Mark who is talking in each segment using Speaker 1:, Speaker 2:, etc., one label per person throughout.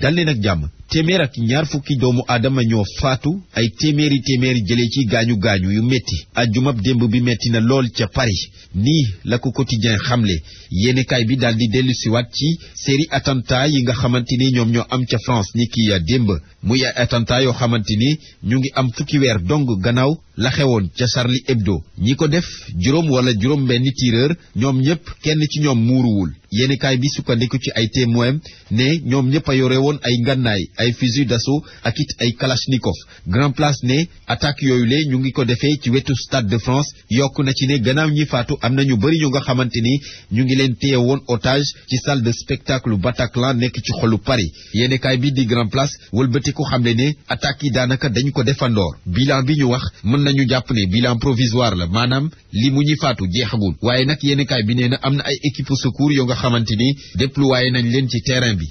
Speaker 1: dal leen ak jàmm téeméer ak ñaar fukki doomu aadama ñoo faatu ay téeméeri téeméeri jële ci gaañu gaañu yu métti ajjumab démb bi métti na lool ca Paris nii la ko quotidien xamle yéenekaay bi daal di dellu ci série attentat yi nga xamante ni ñoom ñoo am ca France ni ki démb muy ay attentat yoo xamante ni ñu ngi am fukki weer dong gannaaw la xewoon ca sarli Hebdo ñi ko def juróom wala juróom benn tireur ñoom ñëpp kenn ci ñoom muuruwul yéenekaay bi sukkandiku ci ay témoin ne ñoom ñëpp a yore woon ay ngànnaay ay fusil d'assaut ak it ay kalachnikov grand place ne attaque yooyu le ñu ngi ko defee ci wetu stade de France yokk na ci ne gannaaw ñi faatu am na ñu bëri ñu nga xamante ni ñu ngi leen téye woon otage ci salle de spectacle Bataclan nekk ci xolu Paris yéenekaay bi di grand place wëlbatiku xamle ne attaques yi daanaka dañu ko defandoor bilan bi ñu wax mën nañu jàpp ne bilan provisoire la maanaam li mu ñi faatu jeexagul waaye nag yéenekaay bi nee na am na ay équipe secours yoo nga xamante ni déployé nañ leen ci terrain bi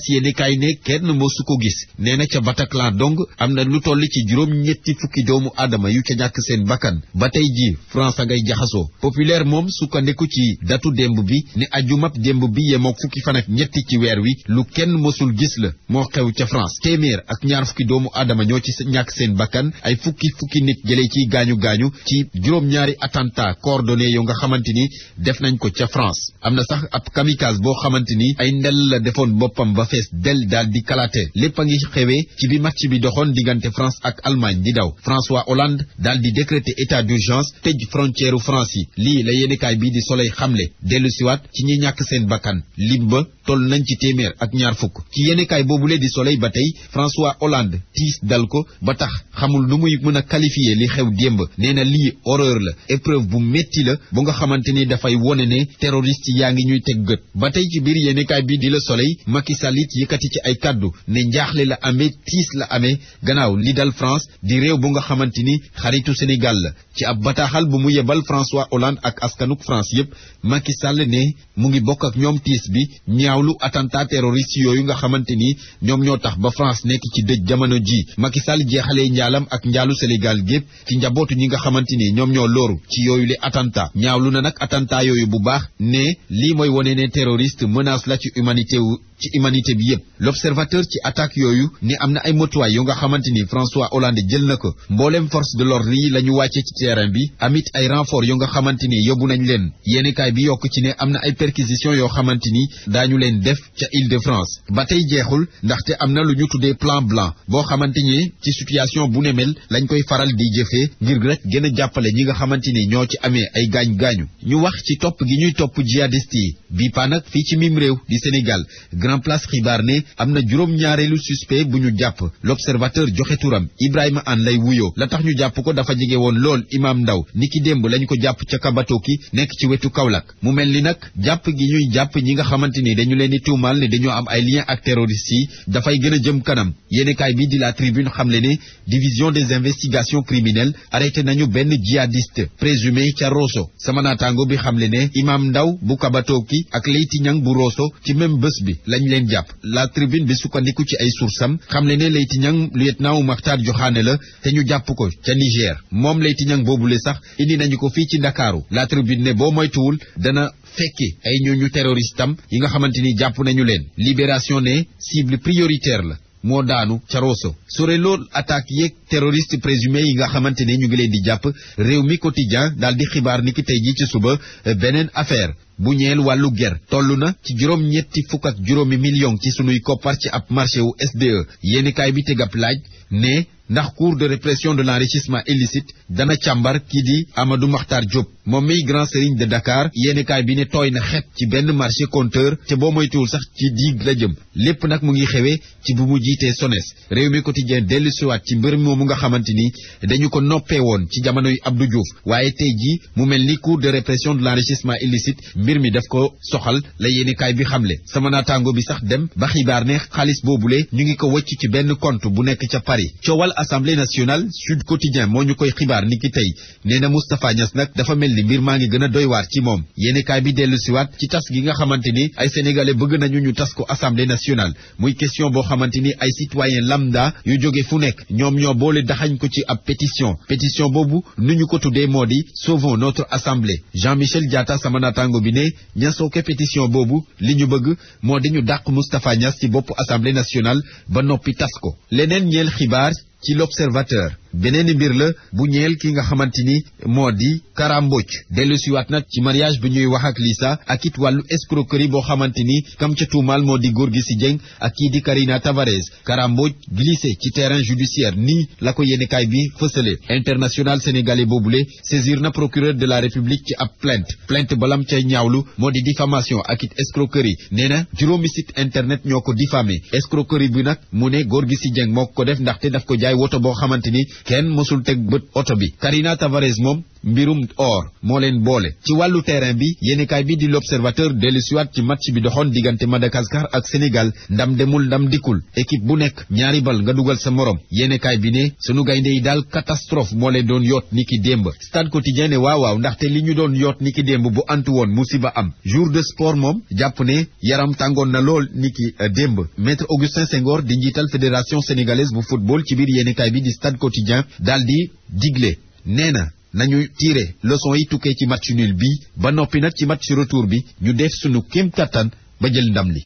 Speaker 1: Si yéene kay ne kenn mosu ko gis neena ca Bataclan dong amna lu toll ci juroom ñetti fukki doomu adama yu ca ñak seen bakkan ba ji France ngay jaxaso populaire moom neku ci datu Dembubi, bi ne ajumab demb bi mok fukki fan ak ñetti ci weer wi lu kenn mosul gis la mo xew ca France téeméer ak ñaar fukki doomu adama ño ci ñak seen bakkan ay fukki fukki nit jele ci gañu gañu ci juroom ñaari attentat coordonné yo nga xamante def nañ ko ca France amna sax ab kamikaze bo xamante ay ndel la bopam ba fees del daal di kalaate lépp a ngi xewee ci bi match bi doxoon diggante France ak Allemagne di daw François Hollande daal di décréter état d'urgence tëj frontière France yi lii la yenekaay bii di Soleil xamle dellu siwaat ci ñi ñàkk seen bakkan lim ba toll nañ ci téeméer ak ñaar fukk ci boobu boobule di soleil ba tey François Hollande tiis dal ko ba tax xamul lu muy mën a qualifier li xew démb nee na lii horreur la épreuve bu métti la bu nga xamante ni dafay wone ne terroriste yaa ngi ñuy teg gët ba tey ci biir yéenekaay bi di la soleil Macky Sall it yëkkati ci ay kàddu ne njaaxle la amee tiis la amee gannaaw li dal France di réew bu nga xamante ni xaritu Sénégal la ci ab bataaxal bu mu yebal François Hollande ak askanuk France yépp Macky Sall ne ñaawlu attentat terroriste yooyu nga xamante ni ñoom ñoo tax ba France nekk ci dëj jamono ji Macky Sall jeexalee njaalam ak njaalu Sénégal gépp ci njabootu nga xamante ni ñoom ñoo looru ci yooyu le attentat ñaawlu na nag attentat yooyu bu baax ne lii mooy wone ne terroriste menace la ci humanité wu ci humanité bi l'observateur ci attaque yooyu ni am na ay motuwaay yu nga xamante François Hollande jël na force de l'ordre yi la wàcce ci terrain bi amit ay renfort yu nga xamante ni yóbbu nañ leen bi yokk ci ne am ay perquisition yoo xamante ni daañu def ca Île-de-France ba tey jeexul ndaxte am na lu plan blanc Bo xamante ni ci situation bu ne mel lañ koy faral di jëfee ngir rek gën a jàppale ñi nga xamante ni ñoo ci amee ay gaañ-gaañu ñu wax ci topp gi ñuy bi ci mim réew di Sénégal grand place Ribarné, amna am suspect buñu l'observateur joxe Ibrahim Ibrahima An lay wuyo la tax ñu japp ko dafa jege woon lool imam Ndaw niki demb lañ ko japp ci kabato ki nek ci wetu Kaolack mu melni nak japp gi ñuy ñi nga dañu am ay liens ak terroristes yi dafay jëm kanam bi di la tribune xamle division des investigations criminelles arrêté nañu Ben djihadiste présumé ci Rosso sama naataango bi xamle ne imam Ndaw bu ki ak Leyti ñang bu ci même bëss bi lañ leen jàpp la tribune bi sukkandiku ci ay sursam xam le ne Leyti Niang lieutenant Makhtar Joxaane la te ñu jàpp ko ca Niger moom Leyti Niang boobule sax indi nañu ko fii ci Ndakaaru la tribune ne boo moytuwul dana fekki ay ñu ñu tam yi nga xamante ni jàpp nañu leen libération ne cible prioritaire la Modanu, Charoso. ca Rosso sore lol attaque terroriste présumé yi nga xamante ñu ngi leen di japp réew mi quotidien daal di ci suba eh, benen affaire bu ñeel walu ger tolluna ci juroom ñetti fuk ak juroomi million ci sunuy koppar ci ab marché wu SDE yéenikaay bi laaj ne ndax cour de répression de l'enrichissement illicite dana Chambar qui di Amadou Makhtar Job. moom miy grand serigne de Dakar yéenekaay bi ne tooy na xet ci benn marché compteur te boo moytuwul sax ci diig la jëm lépp nag mu ngi xewee ci bu mu jiitee SONES réew mi quotidien dellu siwaat ci mbir moomu nga xamante ni dañu ko noppee woon ci jamonoy Abdou Diouf waaye tey jii mu mel ni cour de répression de l'enrichissement mbir mi daf ko soxal la yéenekaay bi xamle sama naataango bi sax dem ba xibaar ne xaalis boobule ñu ngi ko wëcc ci benn compte bu nekk ca Paris coowal assemblée nationale Sud Quotidien moo ñu koy xibaar ni ki tey nee na Moustapha nag dafa mel ni mbir maa ngi gën a doy ci moom yéenekaay bi dellu siwaat ci tas gi nga xamante ni ay sénégalais bëgg nañu ñu tas ko assemblée nationale muy question boo xamante ni ay citoyen lambda yu jóge fu nekk ñoom ñoo boole daxañ ko ci ab pétition pétition boobu nu ñu ko tuddee moo di sauvons notre assemblée Jean-Michel Diatta sama naataango bi ne ña sooke pétition boobu li ñu bëgg moo di ñu dàq Moustapha Niass ci bopp assemblée nationale ba noppi tas ko leneen ñeel xibaar ci l'observateur beneen mbir la bu ñeel ki nga xamante ni moo di karamboj dellusiwaat na ci mariage bi ñuy wax ak Lisa ak it wàllu escroquerie boo xamante ni kam ca tuumaal moo di góor gi si Dieng ak kii di Karina Tavares karamboj glissé ci terrain judiciaire ni la ko yéenekaay bi fësale international sénégalais boobule saisir na procureur de la république ci ab plainte plainte balam cay ñaawlu moo di diffamation ak it escroquerie nee na juróomi site internet ñoo ko diffamé escroquerie bi nag mu ne góor gi si Dieng moo ko def ndaxte daf ko jaay woto boo xamante ni kenn mësul teg bët oto bi Karina Tavares moom mbirum or moo leen boole ci wàllu terrain bi yéenekaay bi di l'observateur dellusiwaat ci match bi doxoon diggante Madagascar ak Sénégal ndam demul ndam dikkul équipe bu nekk ñaari bal nga dugal sa moroom yéenekaay bi ne sunu gaynde yi daal catastrophe moo leen doon yoot ni ki démb stade quotidien ne waaw waaw ndaxte li ñu doon yoot ni ki démb bu antu woon musiba am jour de sport moom jàpp ne yaram tàngoon na lool ni ki euh, démb maître Augustin Senghor di njiital fédération sénégalaise bu football ci biir yéenekaay bi di stade quotidien daal di digle nee na nañu tiire leçon yi tukkee ci match nul bi ba noppi nag ci match retour bi ñu def sunu kéem kattan ba jël ndam li